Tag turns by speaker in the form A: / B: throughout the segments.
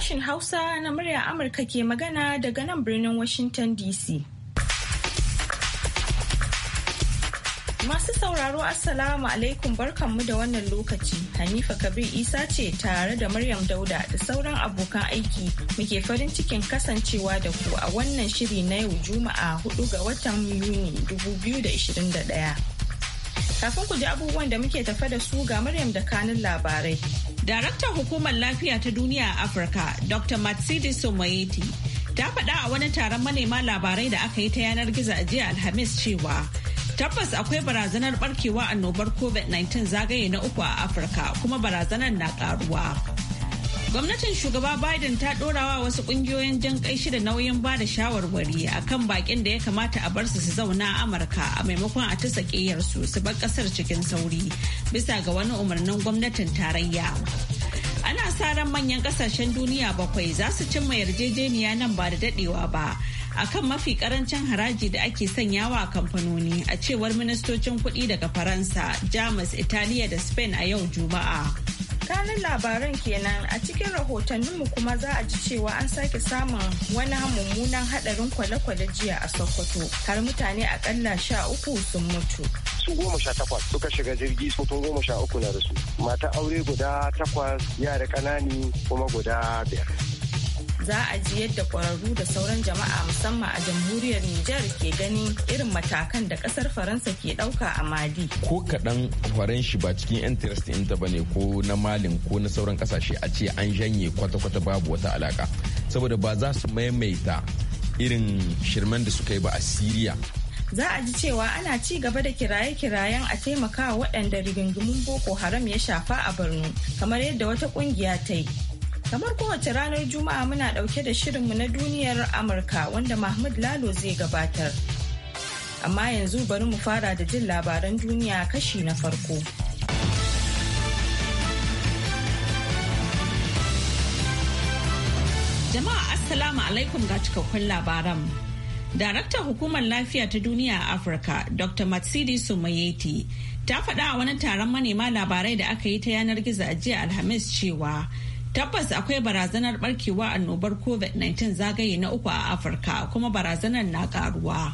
A: Sashin Hausa na murya Amurka ke magana daga nan birnin Washington DC. Masu sauraro Assalamu alaikum barkanmu da wannan lokaci. Hanifa Kabir Isa ce tare da Maryam Dauda da sauran abokan aiki muke farin cikin kasancewa da ku a wannan shiri na yau Juma'a 4 ga watan Yuni 2021. Kafin ku ji abubuwan da muke tafa da su ga Maryam da kanun labarai. Daraktan Hukumar Lafiya ta Duniya a Afirka, Dr. Matsidi Somoyeti, ta faɗa a wani taron manema labarai da aka yi ta yanar gizo a jiya Alhamis cewa tabbas akwai barazanar barkewa annobar COVID-19 zagaye na uku a Afirka kuma barazanar na ƙaruwa. Gwamnatin shugaba Biden ta ɗorawa wasu ƙungiyoyin jan kai da nauyin ba da shawarwari a kan baƙin da ya kamata a bar su su zauna a Amurka a maimakon a tasa ƙeyarsu su bar ƙasar cikin sauri bisa ga wani umarnin gwamnatin tarayya. Ana sa ran manyan ƙasashen duniya bakwai za su cimma yarjejeniya nan ba da daɗewa ba. akan mafi karancin haraji da ake sanyawa a kamfanoni a cewar ministocin kuɗi daga faransa jamus italiya da spain a yau juma'a kanin labaran kenan a cikin rahotanninmu kuma za a ji cewa an sake samun wani mummunan hadarin kwale-kwale jiya a sokoto har mutane akalla sha uku sun mutu
B: su goma sha takwas suka shiga jirgi sotun goma sha uku na da mata aure guda takwas yara kanani kuma guda biyar
A: za a ji yadda kwararru da sauran jama'a musamman a jamhuriyar Nijar ke ganin irin matakan da kasar Faransa ke dauka a Mali.
C: Ko kaɗan shi ba cikin interest in ta bane ko na Malin ko na sauran ƙasashe a ce an janye kwata-kwata babu wata alaka. Saboda ba za su maimaita irin shirman da suka yi ba a Siriya
A: za a ji cewa ana ci gaba da kiraye-kirayen a taimaka waɗanda rigingimun boko haram ya shafa a borno kamar yadda wata ƙungiya ta yi Kamar kowace ranar Juma'a muna ɗauke da shirinmu na duniyar Amurka wanda Mahmud Lalo zai gabatar. Amma yanzu bari mu fara da jin labaran duniya kashi na farko. Jama'a Assalamu alaikum ga cikakkun labaran. Daraktan Hukumar Lafiya ta Duniya a Afirka, Dr. Matsidi Sumayeti, ta faɗa a wani taron manema labarai da aka yi ta yanar gizo a jiya Alhamis cewa Tabbas akwai barazanar barkewa annobar COVID-19 zagaye na uku a Afirka kuma barazanar na karuwa.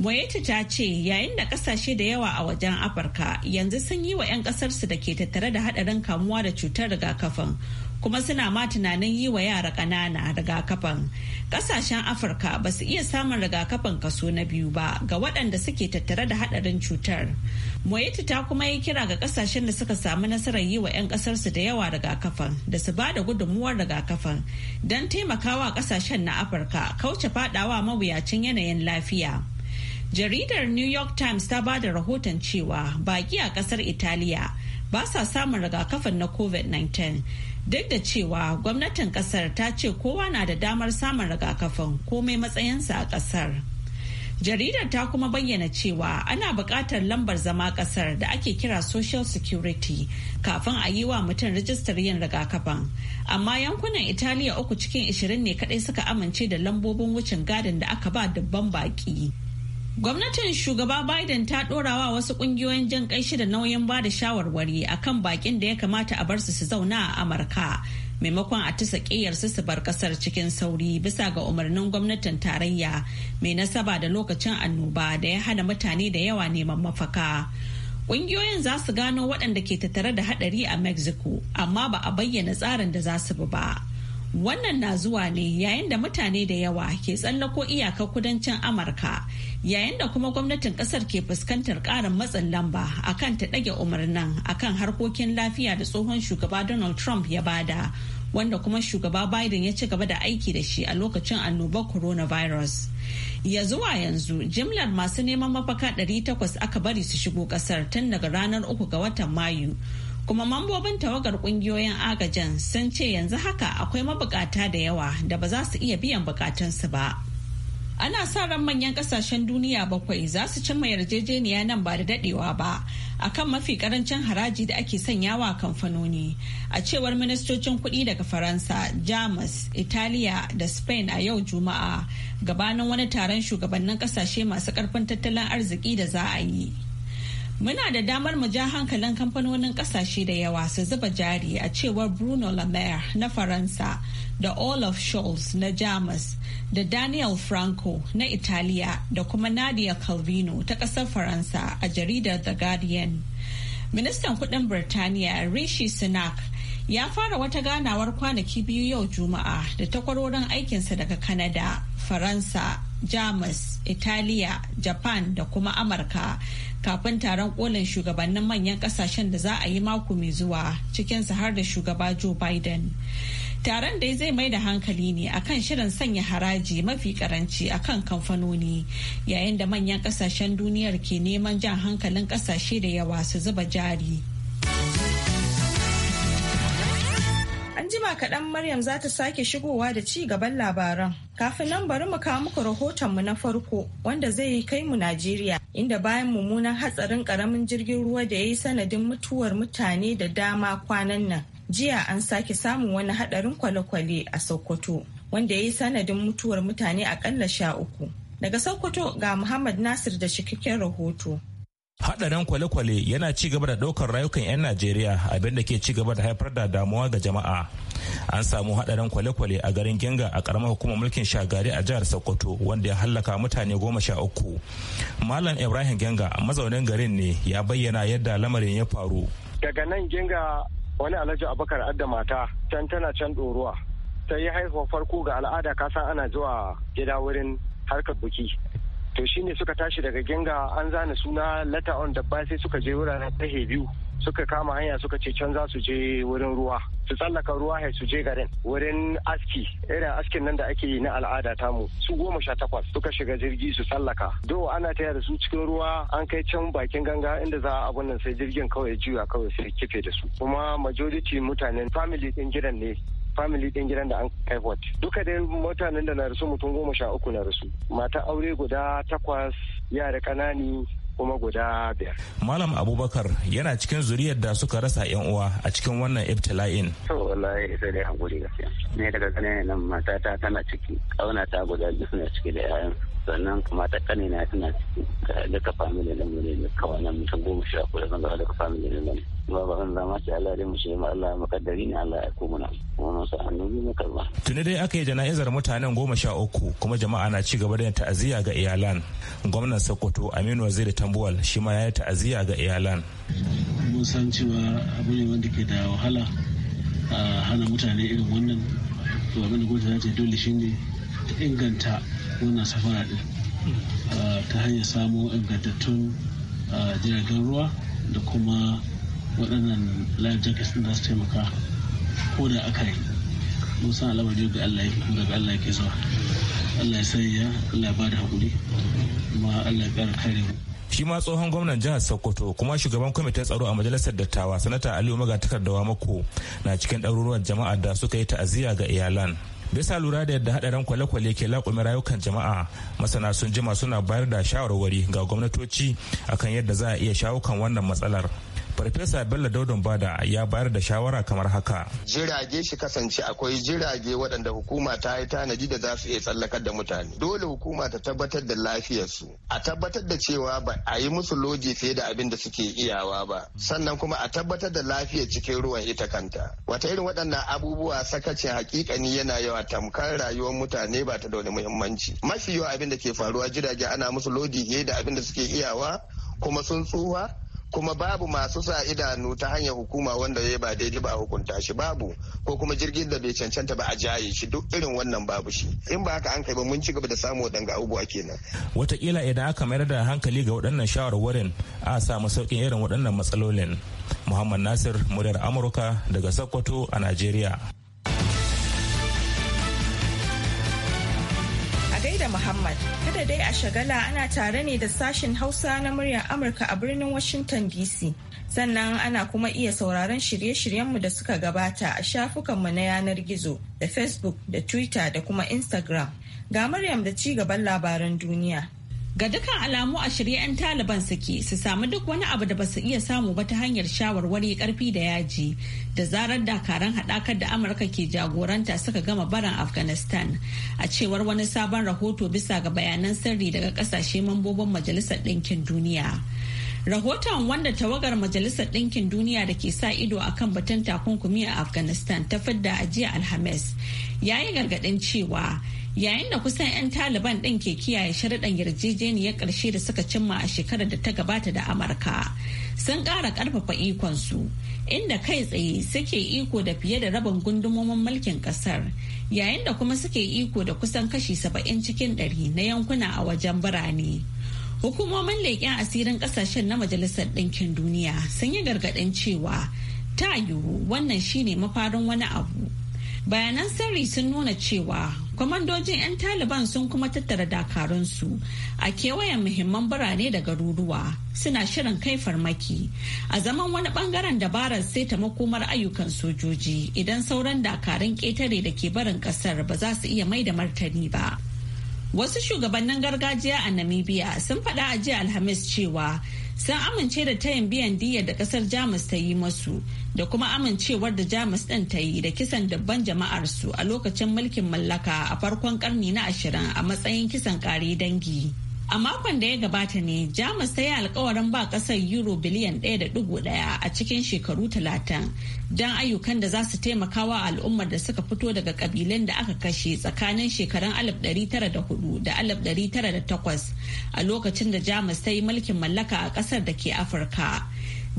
A: Moyeti ta ce yayin da kasashe da yawa a wajen Afirka yanzu sun yi wa 'yan kasarsu da ke tattare da hadarin kamuwa da cutar rigakafin kuma suna ma tunanin yi wa yara ƙanana rigakafin ƙasashen afirka ba su iya samun rigakafin kaso na biyu ba ga waɗanda suke tattare da haɗarin cutar moyeti ta kuma yi kira ga ƙasashen da suka samu nasarar yi wa 'yan ƙasarsu da yawa rigakafin da su ba da gudunmuwar rigakafin don taimakawa ƙasashen na afirka kauce faɗawa mawuyacin yanayin lafiya jaridar new york times ta ba da rahoton cewa baƙi a ƙasar italiya ba sa samun rigakafin na covid-19 Duk da cewa gwamnatin kasar ta ce kowa na da damar samun rigakafin komai matsayinsa a kasar. Jaridar ta kuma bayyana cewa ana buƙatar lambar zama kasar da ake kira Social Security kafin a yi wa mutum rijistar yin rigakafin. Amma yankunan Italiya uku cikin 20 ne kaɗai suka amince da lambobin wucin gadin da aka ba dubban baki. Gwamnatin shugaba Biden ta ɗorawa wasu ƙungiyoyin jan kai da nauyin ba da shawarwari a kan baƙin da ya kamata a bar su su zauna a Amurka. maimakon a tisa ƙiyarsu su bar ƙasar cikin sauri bisa ga umarnin gwamnatin tarayya mai nasaba da lokacin annoba da ya hana mutane da yawa neman mafaka. Ƙungiyoyin za su gano waɗanda ke tattare da haɗari a Mexico, amma ba a bayyana tsarin da za su bi ba. Wannan na zuwa ne yayin da mutane da yawa ke tsallako iyakar kudancin Amurka yayin da kuma gwamnatin kasar ke fuskantar karin matsin lamba akan ta ɗage umarnin akan harkokin lafiya da tsohon shugaba donald trump ya bada wanda kuma shugaba biden ya ci gaba da aiki da shi a lokacin annobar coronavirus ya zuwa yanzu jimlar masu neman mafaka 800 aka bari su shigo kasar tun daga ranar uku ga watan mayu kuma mambobin tawagar kungiyoyin agajin sun ce yanzu haka akwai mabukata da yawa da ba za su iya biyan bukatunsu ba. ana sa ran manyan kasashen duniya bakwai za su cimma yarjejeniya nan ba da dadewa ba akan mafi karancin haraji da ake sanyawa kamfanoni a cewar ministocin kuɗi daga faransa jamus italiya da spain a yau juma'a gabanin wani taron shugabannin kasashe masu karfin tattalin arziki da za a yi Muna da damar mu ja hankalin kamfanonin kasashe da yawa su zuba jari a cewar Bruno Lemaire na Faransa da Olaf Scholz na Jamus da Daniel Franco na Italiya da kuma Nadia Calvino ta ƙasar Faransa a jaridar The Guardian. Ministan kudin Birtaniya Rishi Sunak ya fara wata ganawar kwanaki biyu yau Juma'a da takwarorin aikinsa daga canada Faransa, Jamus, Italiya, Japan da kuma Amurka kafin taron kolin shugabannin manyan kasashen da za a yi mako mai zuwa cikinsa har da shugaba joe biden taron dai zai mai da hankali ne akan shirin sanya haraji mafi karanci akan kamfanoni yayin da manyan kasashen duniyar ke neman jan hankalin kasashe da yawa su zuba jari An jima kaɗan Maryam za ta sake shigowa da ci gaban labaran. Kafin nan bari mu kawo muku mu na farko wanda zai yi kai mu Najeriya inda bayan mummunan hatsarin ƙaramin jirgin ruwa da ya yi sanadin mutuwar mutane da dama kwanan nan. Jiya an sake samun wani haɗarin kwale-kwale a Sokoto wanda ya yi sanadin mutuwar mutane aƙalla sha uku. Daga Sokoto ga Muhammad Nasir da cikakken rahoto.
C: Haɗarin kwale-kwale yana ci gaba da ɗaukar rayukan 'yan Najeriya abinda ke ci gaba da haifar da damuwa ga jama'a. An samu haɗarin kwale-kwale a garin Genga a karamar hukumar mulkin Shagari a jihar Sokoto wanda ya hallaka mutane goma sha uku. Malam Ibrahim Genga mazaunin garin ne ya bayyana yadda lamarin
B: ya faru. Daga nan Genga wani alhaji Abubakar Adda mata can tana can ɗoruwa. Ta yi haihuwa farko ga al'ada kasan ana zuwa gida wurin harkar buki. to shine suka tashi daga genga an zana suna lata on da ba sai suka je wuraren tahe biyu suka kama hanya suka ce can za su je wurin ruwa su tsallaka ruwa hai su je garin wurin aski irin askin nan da ake yi na al'ada tamu su goma sha takwas suka shiga jirgi su tsallaka do ana taya da su cikin ruwa an kai can bakin ganga inda za a nan sai jirgin kawai juya kawai sai kife da su kuma majority mutanen family din gidan ne family din gidan da an kai watch duka dai mutanen da na rasu mutum goma sha uku na rasu mata aure guda takwas yara ƙanani kuma guda biyar.
C: Malam Abubakar yana cikin zuriyar da suka rasa yan uwa a cikin wannan ibtila'in.
B: To wallahi sai dai hankuri gaskiya. Ne daga ganin nan matata tana ciki, kauna ta guda biyu suna ciki da yayan. sannan kuma ta kane na suna cikin eh, daga family na mu ne kawai nan mutum goma sha ko da zama daga family na mu kuma ba zan zama ce Allah dai mu shi ma Allah makaddari ne Allah ya ko na kuma mun sa annabi
D: na karba
C: tuni dai aka yi jana'izar mutanen goma sha uku kuma jama'a na ci gaba da ta'aziyya ga iyalan gwamnan Sokoto Aminu Waziri Tambuwal shi ma ya yi ta'aziyya ga iyalan
E: mun san cewa abu ne wanda ke da wahala a hana mutane irin wannan to abin da gwamnati ta ce dole ne. inganta wannan safara din hmm. ah, ta hanyar samo ingantattun ah, jiragen ruwa da kuma waɗannan life jackets din za su taimaka ko da aka yi musan yau ga Allah daga Allah ke zuwa Allah ya sanya Allah ya bada hakuri
C: kuma Allah ya ƙara kare mu shi ma tsohon gwamnan jihar sokoto kuma shugaban kwamitin tsaro a majalisar dattawa sanata aliyu magatakardawa mako na cikin ɗaruruwan jama'a da suka yi ta'aziyya ga iyalan bisa lura da yadda hadarin kwale-kwale ke lakumi rayukan jama'a masana sun jima suna bayar da shawarwari ga gwamnatoci akan yadda za a iya shawo kan wannan matsalar farfesa bello daudon bada ya bayar da shawara kamar haka
F: jirage shi kasance akwai jirage waɗanda hukuma ta yi tanadi da za su iya tsallakar da mutane dole hukuma ta tabbatar da lafiyarsu a tabbatar da cewa ba a yi musu loji fiye da abin da suke iyawa ba sannan kuma a tabbatar da lafiyar cikin ruwan ita kanta wata irin waɗannan abubuwa sakacin hakikani yana yawa tamkar rayuwar mutane ba ta da wani muhimmanci mafi yawa abin da ke faruwa jirage ana musu loji fiye da abin da suke iyawa kuma sun tsuwa. kuma babu masu sa idanu ta hanyar hukuma wanda ya ba daidai ba a hukunta shi babu ko kuma jirgin da bai cancanta ba a jaye shi duk irin wannan babu shi in ba haka an kai ba mun ci gaba da samu waɗanga abubuwa kenan.
C: Wataƙila idan aka mayar da hankali ga waɗannan shawarwarin a samu sauƙin irin waɗannan matsalolin muhammad nasir muryar amurka daga sokoto a najeriya.
A: gaida Muhammad, kada dai a shagala ana tare ne da sashen Hausa na muryar Amurka a birnin Washington DC. Sannan ana kuma iya sauraron shirye-shiryenmu da suka gabata a shafukanmu na yanar gizo da Facebook da Twitter da kuma Instagram. Ga Maryam da ci gaban labaran duniya. Ga dukkan alamu a shirye 'yan Taliban suke su samu duk wani abu da ba su iya samu ba ta hanyar shawarwari karfi da yaji da zarar dakaran haɗakar da Amurka ke jagoranta suka gama barin Afghanistan a cewar wani sabon rahoto bisa ga bayanan sirri daga ƙasashe mambobin Majalisar Ɗinkin Duniya. rahoton wanda tawagar majalisar ɗinkin duniya da ke sa ido a kan batun takunkumi a afghanistan ta fidda a jiya alhamis ya yi gargaɗin cewa yayin da kusan 'yan taliban ɗin ke kiyaye sharaɗan yarjejeniyar ƙarshe da suka cimma a shekarar da ta gabata da amurka sun ƙara ƙarfafa ikonsu inda kai tsaye suke iko da fiye da rabin gundumomin mulkin ƙasar yayin da kuma suke iko da kusan kashi saba'in cikin ɗari na yankuna a wajen birane hukumomin leƙen asirin ƙasashen na majalisar ɗinkin duniya sun yi gargaɗin cewa ta yiwu wannan shine mafarin wani abu bayanan sirri sun nuna cewa kwamandojin 'yan taliban sun kuma tattara dakarunsu a kewayen muhimman birane da garuruwa suna shirin kai farmaki a zaman wani bangaren dabarar sai ta makomar ayyukan sojoji idan sauran dakarun ƙetare da ke barin ƙasar ba za su iya mai da martani ba wasu shugabannin gargajiya a namibia sun faɗa a jiya alhamis cewa sun amince da tayin biyan diya da kasar jamus ta yi masu da kuma amincewar da jamus ɗin ta yi da kisan dabban jama'arsu a lokacin mulkin mallaka a farkon karni na ashirin a matsayin kisan ƙare dangi A makon da ya gabata ne Jamus ta yi alkawarin ba kasar euro biliyan 1.1 a cikin shekaru talatin don ayyukan da za su taimakawa al'ummar da suka fito daga kabilan da aka kashe tsakanin shekarun 1904 da 1908 a lokacin da Jamus ta yi mulkin mallaka a kasar da ke Afirka.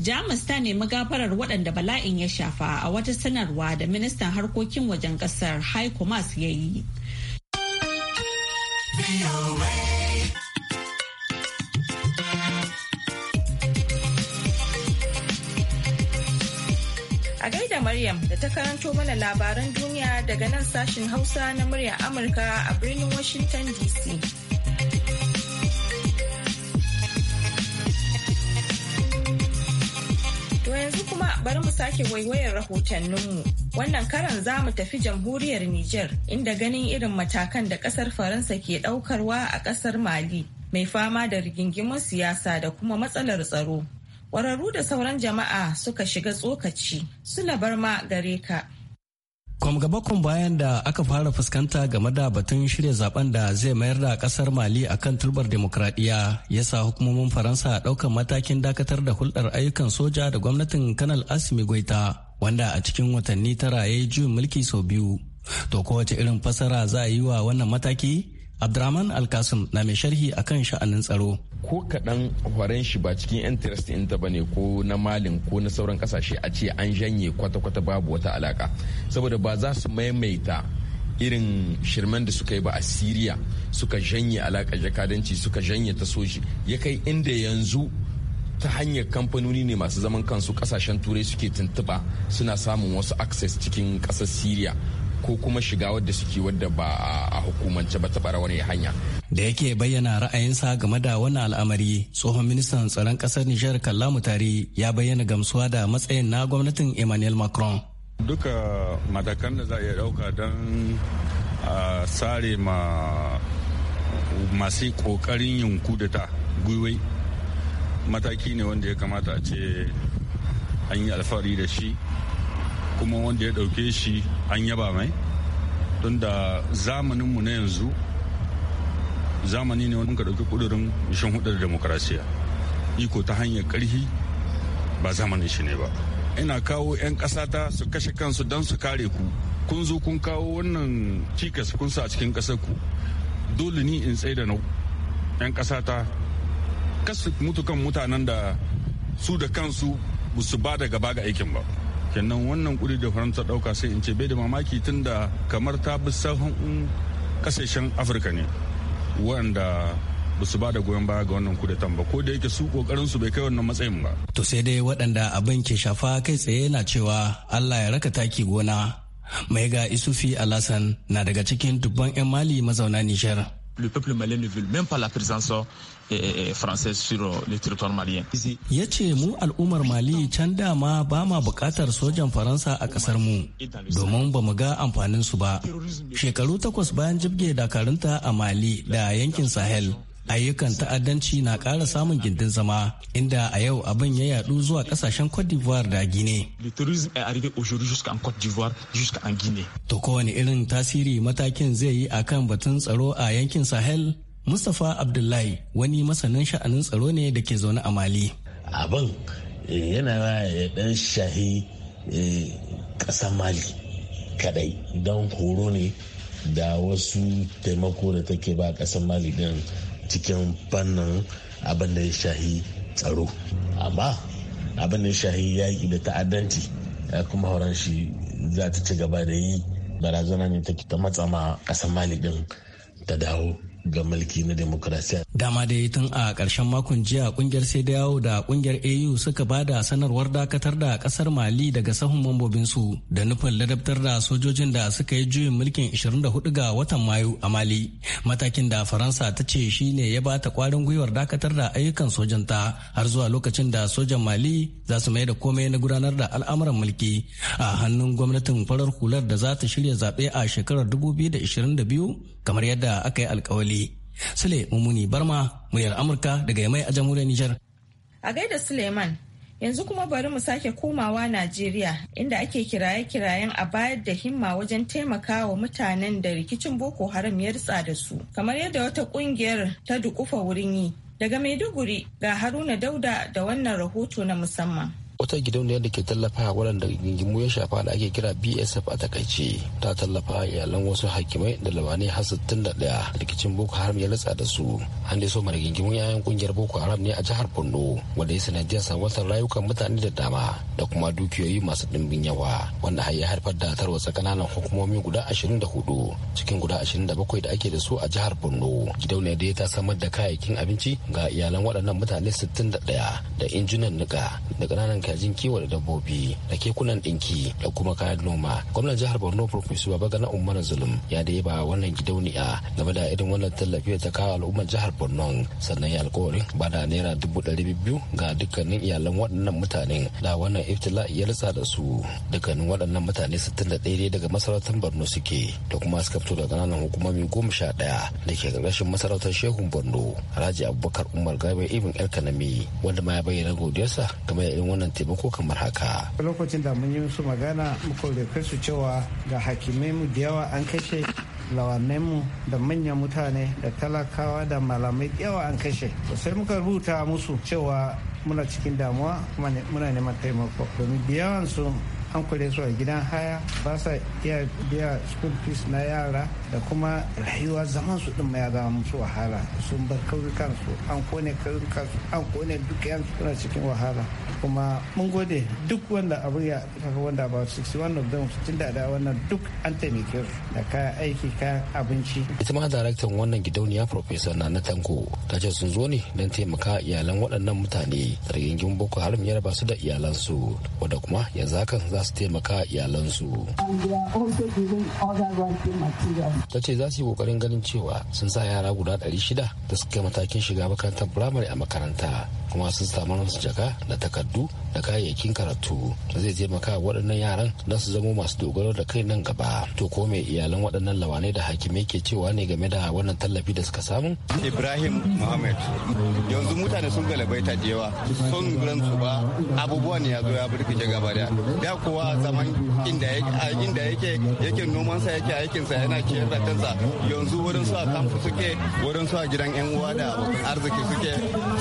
A: Jamus ta nemi gafarar waɗanda bala'in ya shafa a wata sanarwa da ministan harkokin wajen ƙasar, High Maas ya yi. A gaida Maryam da ta karanto mana labaran duniya daga nan sashin Hausa na murya Amurka a birnin Washington DC. To yanzu kuma bari mu sake waiwayar rahotanninmu. Wannan karan za mu tafi jamhuriyar Nijar inda ganin irin matakan da kasar Faransa ke daukarwa a kasar Mali mai fama da rigingimun siyasa da kuma matsalar tsaro. kwararru da sauran jama'a suka shiga tsokaci suna bar ma gare ka.
E: kwam-gaba kwam bayan da aka fara fuskanta game da batun shirya zaben da zai mayar da kasar mali akan turbar demokradiyya ya sa hukumomin faransa daukan matakin dakatar da hulɗar ayyukan soja da gwamnatin kanal asimi goita wanda a cikin watanni tara ya yi juyin mulki sau biyu to kowace irin fasara za a yi wa wannan mataki Abdraman Alkasim na mai sharhi a kan
C: sha'anin tsaro. Ko kaɗan horon shi ba cikin interest in ta bane ko na malin ko na sauran kasashe a ce an janye kwata-kwata babu wata alaka. Saboda ba za su maimaita irin shirman da suka yi ba a Siriya suka janye alaka jakadanci suka janye ta soji ya kai inda yanzu ta hanyar kamfanoni ne masu zaman kansu kasashen turai suke tuntuɓa suna samun wasu access cikin ƙasar Siriya. ko kuma shiga wadda suke wadda ba a hukumance ba ta wani hanya da yake bayyana
E: ra'ayinsa game da wannan al'amari tsohon ministan tsaron kasar nijar kallamu tare ya bayyana gamsuwa da matsayin na gwamnatin emmanuel macron
G: duka matakan da za a iya dauka don a sare ma masu kokarin yin kudata gwiwai mataki ne wanda ya kamata a ce an yi alfahari da shi kuma wanda ya ɗauke shi an yaba mai don da zamaninmu na yanzu zamani ne wanda ka ɗauki ƙudurin shan hudar demokarasiya iko ta hanyar ƙarfi ba zamanin shi ne ba ina kawo 'yan kasata su kashe kansu don su kare ku kun zo kun kawo wannan cikas kun sa a cikin ƙasar ku dole ni in tsaye da nau 'yan ƙasata kasu mutukan mutanen da su da kansu ba su ba da gaba ga aikin ba kenan wannan kudi da faransa dauka sai in ce bai da mamaki tunda kamar ta bi sahun kasashen afirka ne wanda ba su ba da goyon baya ga wannan kudi ba ko da yake su kokarin su bai kai wannan matsayin ba
E: to sai dai waɗanda abin ke shafa kai tsaye na cewa Allah ya raka taki gona mai ga isufi alasan na daga cikin dubban 'yan mali mazauna nishar
C: le peuple malien ne veut même pas la présence eh, eh, eh, française sur euh, le territoire malien.
E: Ya ce mu al'ummar Mali can dama ba ma bukatar sojan Faransa a kasar mu domin ba mu ga amfanin su ba. Shekaru takwas bayan jibge dakarunta a Mali da yankin Sahel ayyukan ta'addanci na ƙara samun gindin zama inda a yau abin ya yadu zuwa ƙasashen Cote
C: d'Ivoire da Guinea.
E: To kowane irin tasiri matakin zai yi a kan batun tsaro a yankin Sahel? Mustapha Abdullahi wani masanin sha'anin tsaro ne da ke zaune a Mali.
D: Abin eh, yana ya dan shahi eh, ƙasar Mali kadai don horo ne da wasu taimako da take ba ƙasar Mali din cikin fannin abin da ya shahi tsaro amma abin da ya shahi yaƙi da ta'addanci ya kuma horon shi za ta ci gaba da yi barazana ne take ta matsama matsama ƙasar mali ɗin ta dawo ga mulki na demokrasiya.
E: Dama da tun a ƙarshen makon jiya kungiyar sai da yawo da kungiyar AU suka ba da sanarwar dakatar da ƙasar Mali daga sahun mambobinsu da nufin ladabtar da sojojin da suka yi juyin mulkin 24 ga watan Mayu a Mali. Matakin da Faransa ta ce shi ne ya ba ta ƙwarin gwiwar dakatar da ayyukan sojan ta har zuwa lokacin da sojan Mali za su mai da komai na gudanar da al'amuran mulki a hannun gwamnatin farar hular da za ta shirya zaɓe a shekarar 2022 kamar yadda aka yi alkawali. Sule Mumuni Barma muryar Amurka daga Yamai a jamhuriyar Nijar.
A: A gaida Suleiman yanzu kuma bari mu sake komawa Najeriya inda ake kiraye-kirayen a bayar da himma wajen taimakawa mutanen da rikicin Boko Haram ya ritsa da su kamar yadda wata kungiyar ta dukufa wurin yi. Daga Maiduguri ga Haruna Dauda da wannan rahoto na musamman.
D: wata gidauniyar da ke tallafa waɗanda gingimu ya shafa da ake kira bsf a takaice ta tallafa iyalan wasu hakimai da labanai har sittin da ɗaya rikicin boko haram ya latsa da su an dai so mara gingimun yayan kungiyar boko haram ne a jihar borno wanda ya sanadiyar salwantar rayukan mutane da dama da kuma dukiyoyi masu ɗimbin yawa wanda har ya haifar da tarwa ƙananan hukumomi guda ashirin da hudu cikin guda ashirin da bakwai da ake da su a jihar borno gidauniyar da ya ta samar da kayayyakin abinci ga iyalan waɗannan mutane sittin da ɗaya da injunan niƙa da ƙananan kajin kiwo da dabbobi da kekunan ɗinki da kuma kayan noma gwamnan jihar borno professor babagana umar zulum ya da yaba wannan gidauniya game da irin wannan tallafi da ta kawo al'ummar jihar borno sannan ya alkawarin ba da naira dubu ɗari biyu ga dukkanin iyalan waɗannan mutanen da wannan iftila ya ritsa da su dukkanin waɗannan mutane sittin da ɗaya daga masarautar borno suke da kuma suka fito daga ƙananan hukumomi goma sha ɗaya da ke ƙarƙashin masarautar shehun borno alhaji abubakar umar gabe ibn el kanami wanda ma ya bayyana godiyarsa game da irin wannan taimako kamar haka
B: lokacin da mun yi su magana muka rufe su cewa ga hakimai mu da yawa
F: an kashe mu da manyan mutane da talakawa da malamai yawa an kashe sai muka rubuta musu cewa muna cikin damuwa kuma muna neman taimako domin da su an kure su a gidan haya ba sa iya biya school fees na yara da kuma rayuwa zaman su din ya zama musu wahala sun bar kauyukan su an kone kauyukan su an kone dukiyan su suna cikin wahala kuma mun gode duk wanda abu ya kaga wanda ba 61 of them tun da wannan duk an taimake su da
D: kayan aiki kayan abinci ita ma daraktan wannan gidauniya professor na tanko ta ce sun zo ne don taimaka iyalan waɗannan mutane da rigingin boko haram ya raba su da iyalansu wanda kuma yanzu hakan za su taimaka iyalansu. Ta ce za su yi kokarin ganin cewa sun sa yara guda 600 da suka kai matakin shiga makarantar firamare a makaranta kuma sun samu jaka da takardu da kayayyakin karatu zai taimaka waɗannan yaran don su zamo masu dogaro da kai nan gaba to ko mai iyalan waɗannan lawanai da hakimai ke cewa ne game da wannan tallafi da suka samu
B: ibrahim muhammad yanzu mutane sun galabaita da yawa sun rantsu ba abubuwan ya zo ya
F: birkice gaba da da kowa zaman inda inda yake yake sa yake sa yana ciyar da kansa yanzu wurin su a kamfu suke wurin su a gidan yan uwa da arziki suke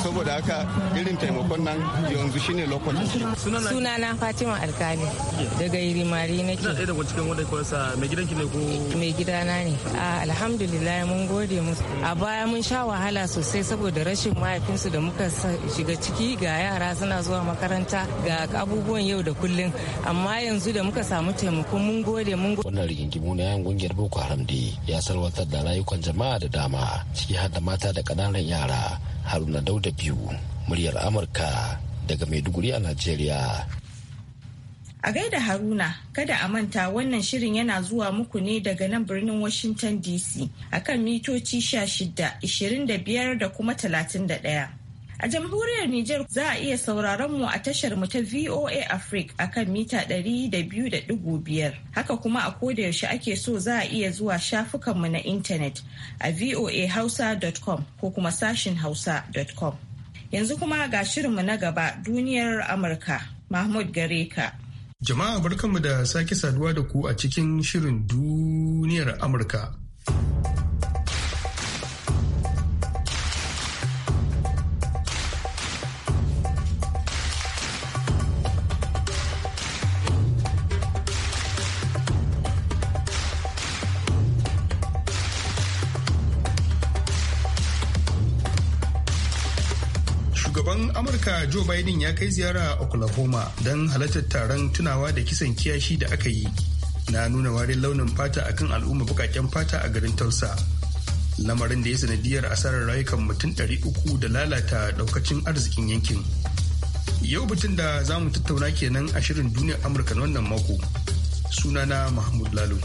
F: saboda haka irin taimakon nan yanzu shine lokacin
A: sunana fatima alkali daga iri mari na da
D: daga cikin wanda kuwa sa mai gidanki ne ko
A: mai gidana ne alhamdulillah mun gode musu a baya mun sha wahala sosai saboda rashin mahaifinsu da muka shiga ciki ga yara suna zuwa makaranta ga abubuwan
D: yau da kullum amma yanzu da muka samu taimako mun gode mun gode wannan rigingimu na yan gungiyar boko haram da ya salwantar da rayukan jama'a da dama ciki har da mata da kananan yara haruna dauda biyu muryar amurka daga maiduguri a najeriya
A: a gaida haruna kada a manta wannan shirin yana zuwa muku ne daga nan birnin washington dc akan mitoci 16 25 da kuma 31 A jamhuriyar Nijar za a iya sauraron mu a tashar mu ta VOA Africa akan mita 200.5. Haka kuma a koda yaushe ake so za a iya zuwa shafukanmu na intanet a voahausa.com ko kuma sashin hausa.com. Yanzu kuma ga shirinmu na gaba duniyar Amurka, Mahmud Gareka.
F: Jama'a barkanmu da sake saduwa da ku a cikin shirin duniyar Amurka. Joe Biden ya kai ziyara a Oklahoma don halartar taron tunawa da kisan kiyashi da aka yi na nuna warin launin fata akan al'umma bukaken fata a garin Tulsa. Lamarin da ya sanadiyar asarar rayukan mutum uku da lalata daukacin arzikin yankin. Yau batun da za mu tattauna kenan a shirin duniyar Amurka na wannan mako. Sunana Mahmud Lalo.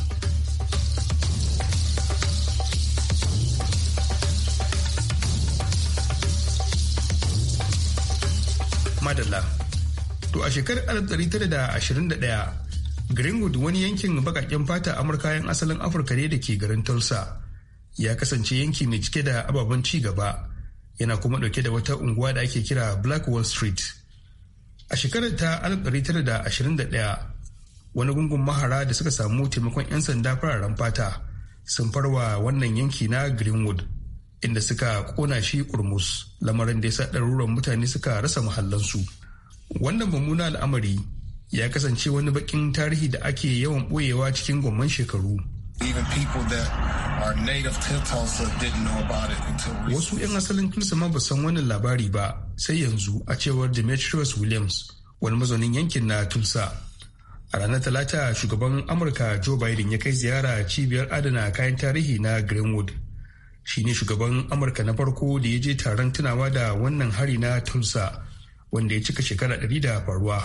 F: Madalla. To a shekarar 1921 Greenwood wani yankin bakaken fata Amurka yan asalin Afirka ne da ke garin Tulsa. Ya kasance yanki mai cike da ababen ci gaba, yana kuma dauke da wata unguwa da ake kira Black Wall Street. A shekarar ta 1921, wani gungun mahara da suka samu taimakon 'yan sanda fararen fata sun farwa wannan yanki na Greenwood. inda suka kona shi kurmus lamarin da ya sa ɗaruran mutane suka rasa mahallansu wannan mummuna al'amari ya kasance wani bakin tarihi da ake yawan ɓoyewa cikin gwamman shekaru wasu 'yan asalin kilsa ma ba san wannan labari ba sai yanzu a cewar demetrius williams wani mazaunin yankin na tulsa a ranar talata shugaban amurka joe biden ya kai ziyara cibiyar adana kayan tarihi na greenwood shine shugaban amurka na farko da ya je taron tunawa da wannan hari na tulsa wanda ya cika shekara 100 da faruwa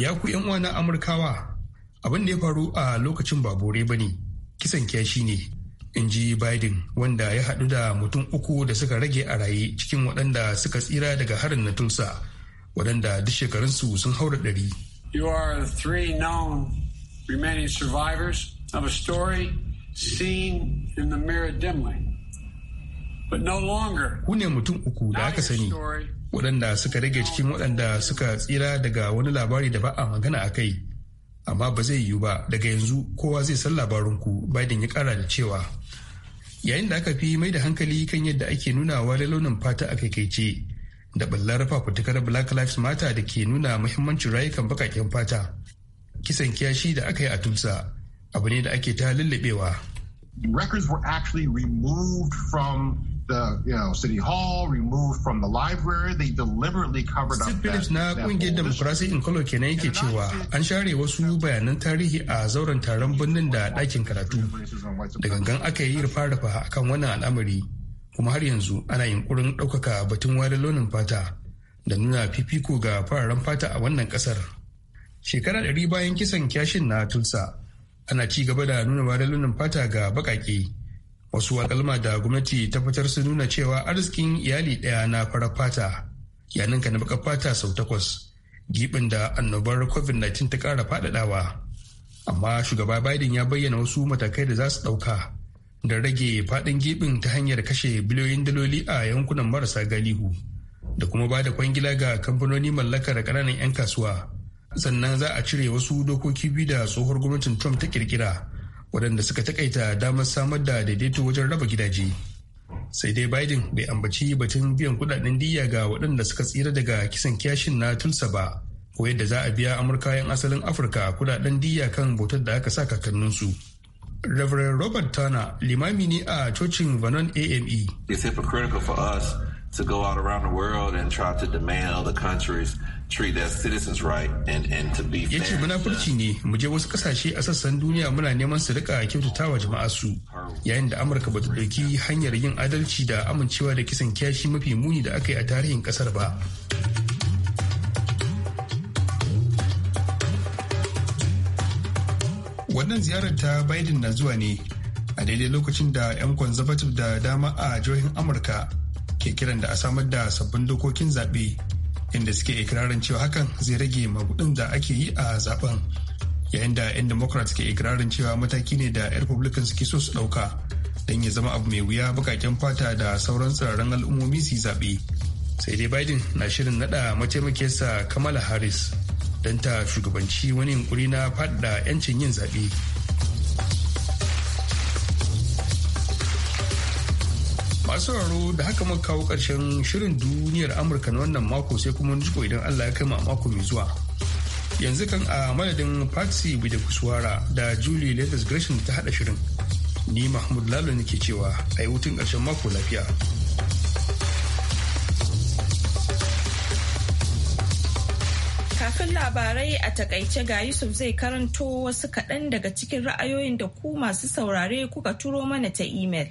F: ya ku yan uwa na amurkawa abin da ya faru a lokacin babure ba ne kisan kyashi ne in ji biden wanda ya hadu da mutum uku da suka rage a raye cikin waɗanda suka tsira daga harin na tulsa waɗanda duk shekarunsu sun haura ɗari
B: You are the three known remaining
H: survivors of a story seen in the mirror dimly, but no longer. Ku
F: ne mutum uku da aka sani waɗanda suka rage cikin waɗanda suka tsira daga wani labari da ba a magana a kai. Amma ba zai yiwu ba daga yanzu kowa zai san labarinku Biden ya ƙara da cewa. Yayin da aka fi mai da hankali kan yadda ake nunawa da launin fata a kaikaice da ballar fitikar Black Lives Matter da ke nuna muhimmancin rayukan bakaken fata. Kisan kiyashi da aka yi a Tulsa abu ne da ake ta lullubewa.
H: Records were actually removed from the you know, city hall, removed from the library. They deliberately covered Steve Phillips
F: na kungiyar Democracy in Color kenan yake cewa an share wasu bayanan tarihi a zauren taron birnin da ɗakin karatu. Da gangan aka yi rufa-rufa akan wannan al'amari. kuma har yanzu ana yunkurin ɗaukaka batun wari launin fata da nuna fifiko ga fararen fata a wannan ƙasar shekara ɗari bayan kisan kyashin na tulsa ana ci gaba da nuna wari launin fata ga baƙaƙe wasu alƙalma da gwamnati ta fitar su nuna cewa arzikin iyali ɗaya na farar fata ya ninka na baƙar fata sau takwas giɓin da annobar covid-19 ta ƙara faɗaɗawa amma shugaba biden ya bayyana wasu matakai da za su ɗauka da rage faɗin gibin ta hanyar kashe biliyoyin daloli a yankunan marasa galihu da kuma ba da kwangila ga kamfanoni mallakar ƙananan 'yan kasuwa sannan za a cire wasu dokoki biyu da tsohuwar gwamnatin trump ta kirkira waɗanda suka takaita damar samar da daidaito wajen raba gidaje sai dai biden bai ambaci batun biyan kudaden diya ga waɗanda suka tsira daga kisan kyashin na tulsa ba ko yadda za a biya amurkayan asalin afirka kudaden diya kan bautar da aka sa kakanninsu. Reverend Robert Tana limami ne a cocin Vanon AME.
H: It's hypocritical for us to go out around the world and try to demand other countries treat their citizens right and, and to be fair. Yace
F: munafurci ne mu je wasu kasashe a sassan duniya muna neman su rika kyautatawa jama'a su yayin da Amurka bata dauki hanyar yin adalci da amincewa da kisan kyashi mafi muni da aka yi a tarihin ƙasar ba. Wannan ziyarar ta Biden na zuwa ne a daidai lokacin da 'yan conservative da dama a jihohin Amurka ke kiran da a samar da sabbin dokokin zaɓe inda suke ikirarin cewa hakan zai rage magudin da ake yi a zaben yayin da 'yan democrats suke ikirarin cewa mataki ne da 'yan republicans suke so su ɗauka don ya zama abu mai wuya bukaken fata da sauran tsirarin al'ummomi su yi zaɓe sai dai biden na shirin naɗa mataimakiyarsa kamala harris don ta shugabanci wani yunkuri na faɗa 'yancin yin zaɓe. masu sauraro da haka muka kawo ƙarshen shirin duniyar amurka na wannan mako sai kuma jiko idan allah ya kama mako mai zuwa yanzu kan a madadin patsy da kuswara da julie latest gresham ta hada shirin ni mahmud lalo ne ke cewa a yi hutun ƙarshen mako lafiya
A: Kafin labarai a takaice ga Yusuf zai karanto wasu kaɗan daga cikin ra'ayoyin da ku masu saurare kuka turo mana ta imel.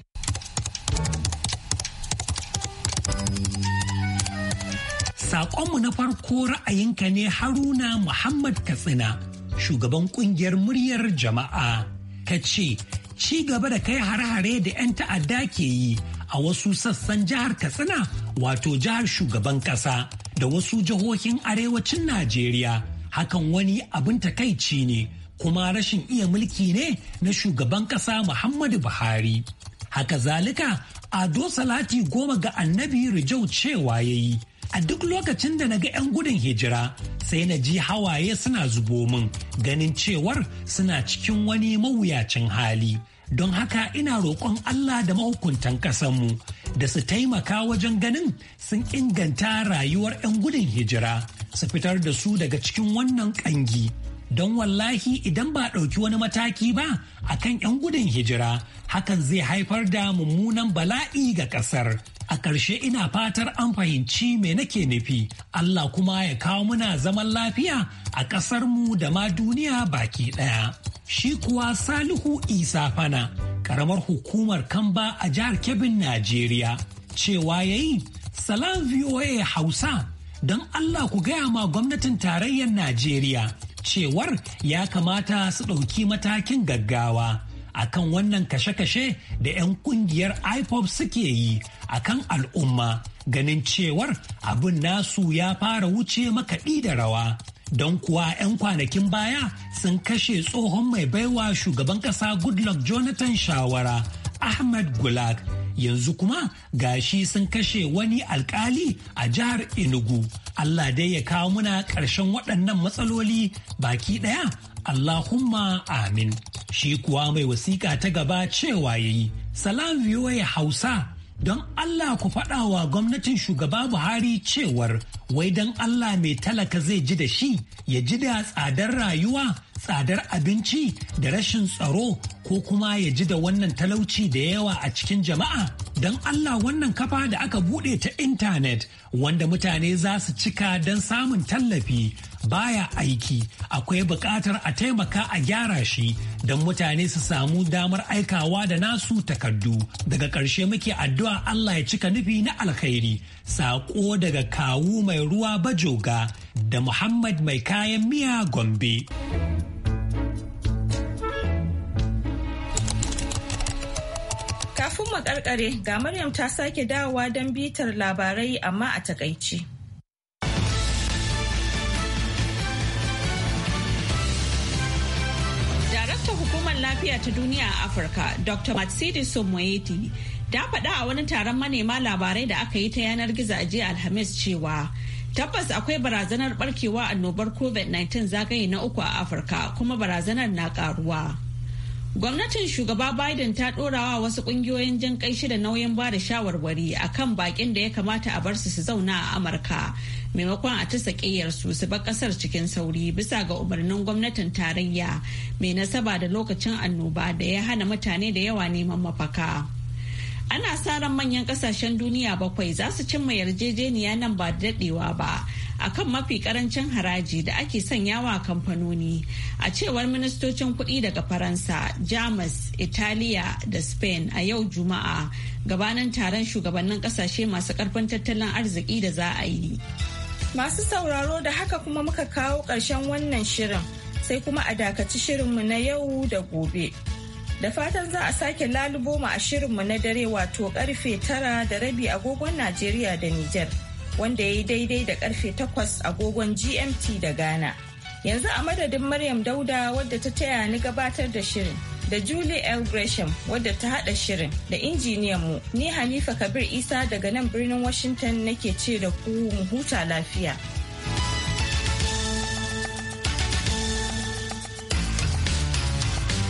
H: Saƙonmu na farko ra'ayinka ne Haruna Muhammad Katsina, shugaban ƙungiyar muryar jama'a, ka ce, ci gaba da kai hare-hare da 'yan ta'adda ke yi a wasu sassan jihar Katsina wato jihar shugaban ƙasa. da wasu jihohin arewacin Najeriya hakan wani abin takaici ne kuma rashin iya mulki ne na shugaban ƙasa Muhammadu Buhari. Haka zalika Ado Salati goma ga annabi Rijau cewa ya yi. A duk lokacin da na ga 'yan gudun hijira sai na ji hawaye suna zubo min ganin cewar suna cikin wani mawuyacin hali. Don haka ina roƙon Allah da mahukuntan ƙasanmu da su taimaka wajen ganin sun inganta rayuwar 'yan gudun hijira su fitar da su daga cikin wannan kangi. don wallahi idan ba ɗauki wani mataki ba a kan 'yan gudun hijira hakan zai haifar da mummunan bala'i ga ƙasar. A ƙarshe ina fatar an fahimci me nake nufi, Allah kuma ya kawo muna zaman lafiya a ƙasarmu da ma duniya baki ɗaya. Shi kuwa Salihu Isa Fana, ƙaramar hukumar Kamba a jihar Kebbin, Najeriya, cewa ya yi Salam VOA Hausa don Allah ku gaya ma gwamnatin tarayyar Najeriya cewar ya kamata su ɗauki matakin gaggawa akan wannan kashe-kashe da 'yan kungiyar ipop suke yi akan al'umma ganin cewar abin nasu ya fara wuce makaɗi da rawa don kuwa 'yan kwanakin baya sun kashe tsohon mai baiwa shugaban ƙasa goodluck jonathan shawara ahmed gulag yanzu kuma gashi sun kashe wani alkali a jihar Enugu. Allah dai ya kawo muna ƙarshen waɗannan matsaloli baki ɗaya Allahumma amin. Shi kuwa mai wasiƙa ta gaba cewa ya yi, Salam ya Hausa, don Allah ku faɗa wa gwamnatin shugaba Buhari cewar, wai don Allah mai talaka zai ji da shi, ya ji da tsadar rayuwa tsadar abinci da rashin tsaro ko kuma ya ji da wannan talauci da yawa a cikin jama'a don Allah wannan kafa da aka bude ta intanet wanda mutane za su cika don samun tallafi baya aiki akwai bukatar a taimaka a gyara shi don mutane su samu damar aikawa da nasu takardu daga ƙarshe muke addu'a Allah ya cika nufi na alkhairi saƙo daga kawu mai ruwa bajoga da Muhammad mai kayan miya Gombe.
A: karkare ga Maryam ta sake dawowa don bitar labarai amma a takaici. Daraktan Hukumar Lafiya ta Duniya a Afirka, Dr. Matsidi Somoyeti, ta faɗa a wani taron manema labarai da aka yi ta yanar gizo a jiya Alhamis cewa Tabbas akwai barazanar barkewa annobar COVID-19 zagaye na uku a Afirka kuma barazanar na karuwa. Gwamnatin shugaba Biden ta ɗorawa wasu ƙungiyoyin jin kai shida nauyin ba da shawarwari a kan baƙin da ya kamata a bar su su zauna a Amurka maimakon a tasa ƙiyarsu su bar ƙasar cikin sauri bisa ga umarnin gwamnatin tarayya mai nasaba da lokacin annoba da ya hana mutane da yawa neman mafaka. Ana sa ran manyan ƙasashen duniya bakwai za su cimma yarjejeniya nan ba da daɗewa ba akan mafi karancin haraji da ake sanyawa kamfanoni a cewar ministocin kuɗi daga faransa jamus italiya da spain a yau juma'a gabanin taron shugabannin kasashe masu karfin tattalin arziki da za a yi masu sauraro da haka kuma muka kawo ƙarshen wannan shirin sai kuma a dakaci shirinmu na yau da gobe da fatan za a sake lalubo mu a shirinmu na dare wato karfe tara da rabi agogon najeriya da niger wanda ya yi daidai da karfe 8 agogon GMT da Ghana. Yanzu a madadin Maryam Dauda wadda ta taya ni gabatar da shirin. Da Julie L. Gresham wadda ta hada shirin da injiniyan mu ni Hanifa Kabir Isa daga nan birnin Washington nake ce da ku mu huta lafiya.